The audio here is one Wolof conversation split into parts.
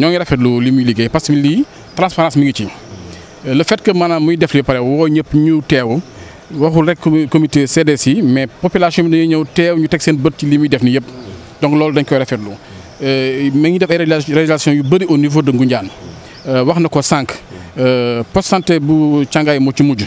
ñoo ngi rafetlu li muy liggéey parce que lii transparence mi ngi ci le fait que maanaam muy def li pare woo ñëpp ñu teew waxul rek comité CDS mais population bi dañuy ñëw teew ñu teg seen bët ci li muy def ni yëpp donc loolu dañ koy rafetlu euh, mi ngi def ay régulation yu bëri au niveau de Ngoundiane euh, wax na ko sànq euh, poste santé bu Thiangaye moo ci mujj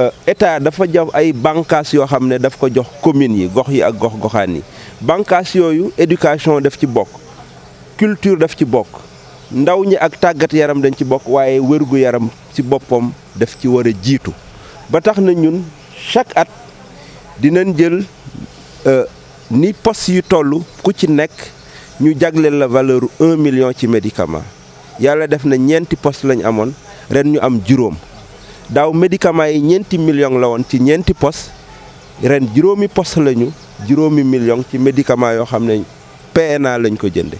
Euh, état dafa jox ay bànqaas yoo xam ne daf ko jox communes yi gox yi ak gox goxaan yi bànqaas yooyu éducation def ci bokk culture def ci bokk ndaw ñi ak tàggat yaram dañ ci bokk waaye wérgu yaram ci boppam def ci war a jiitu ba tax na ñun chaque at dinañ jël euh, ni poste yu toll ku ci nekk ñu jagleel la valeur un million ci médicament yàlla def na ñeenti poste lañ amoon ren ñu am juróom daaw médicaments yi ñeenti millions la woon ci ñeenti pos ren juróomi post lañu juróomi millions ci médicaments yoo xam ne PNA lañ ko jënde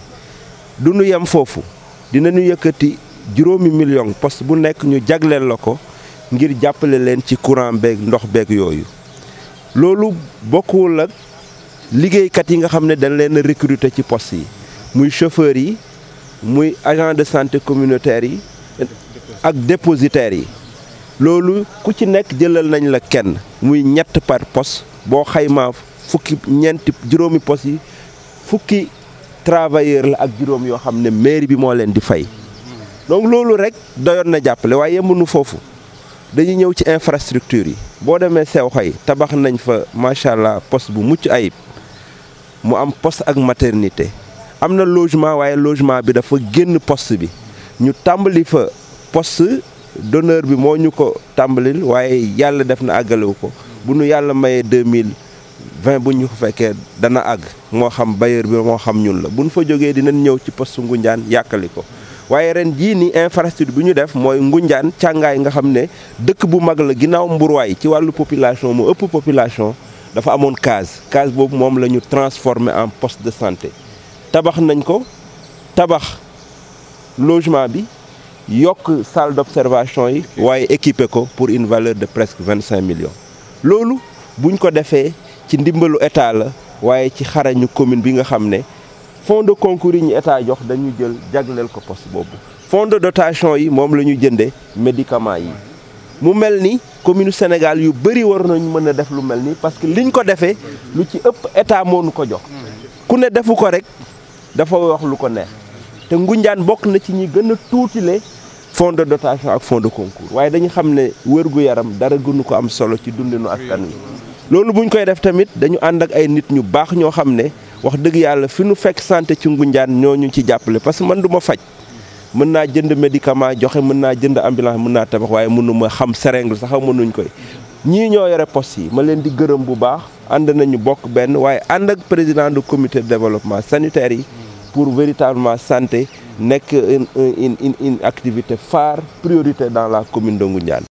du nu yem foofu dinañu yëkkati juróomi millions poste bu nekk ñu jagleel la ko ngir jàppale leen ci courant beeg ndox beeg yooyu loolu bokkul ak liggéeykat yi nga xam ne dañ leen a ci post yi muy chauffeur yi muy agent de santé communautaire yi ak dépositaires yi loolu ku ci nekk jëlal nañ la kenn muy ñett par poste boo xaymaa fukki ñeenti juróomi poste yi fukki travailleur la ak juróom yoo xam ne mairie bi moo leen di fay donc loolu rek doyoon na jàppale waaye yemunu foofu dañuy ñëw ci infrastructure yi boo demee sew xay tabax nañ fa macha allah poste bu mucc ayib mu am post ak maternité am na logement waaye logement bi dafa génn post bi ñu tàmbali fa post donneur bi moo ñu ko tàmbalil waaye yàlla def na àggalewu ko bu nu yàlla mayee deux mille vingt bu ñu ko fekkee dana àgg moo xam bailleur bi moo xam ñun la bu nu fa jógee dinañ ñëw ci post Ngoundiane yàkkali ko waaye ren jii ni infrastructure bi ñu def mooy Ngoundiane càngaay nga xam ne dëkk bu mag la ginnaaw mburwaay ci wàllu population mu ëpp population dafa amoon case case boobu moom la ñu transformé en poste de santé tabax nañ ko tabax logement bi une salle d'observation yi waaye équipé pour une valeur de presque 25 millions loolu buñ ko défé ci ndimbalu état la waaye ci xarañu commune bi nga fonds de concours yi état jox dañu jël ko fonds de dotation yi médicaments yi mu melni commune Sénégal yu bëri war nañu mëna a lu parce que liñ ko est lu ci ëpp état ko jox ku ne defu ko rek dafa wax lu ko neex te fonds de dotation ak fonds concours waaye dañu xam ne wérgu yaram dara gënu ko am solo ci dundinu askan wi loolu bu buñ koy def tamit dañu ànd ak ay nit ñu baax ñoo xam ne wax dëgg yàlla fi nu fekk santé ci ngunjaan ñoo ñu ci jàppale parce que man du ma faj mën naa jënd médicament joxe mën naa jënd ambulance mën naa tabax waaye mënu ma xam seringue sax mënuñ koy ñii ñoo yore poste yi ma leen di gërëm bu baax ànd nañu bokk benn waaye ànd ak président d comité développement sanitaire yi pour véritablement santé n'est qu'une une une activité phare prioritaire dans la commune de Ngoundiane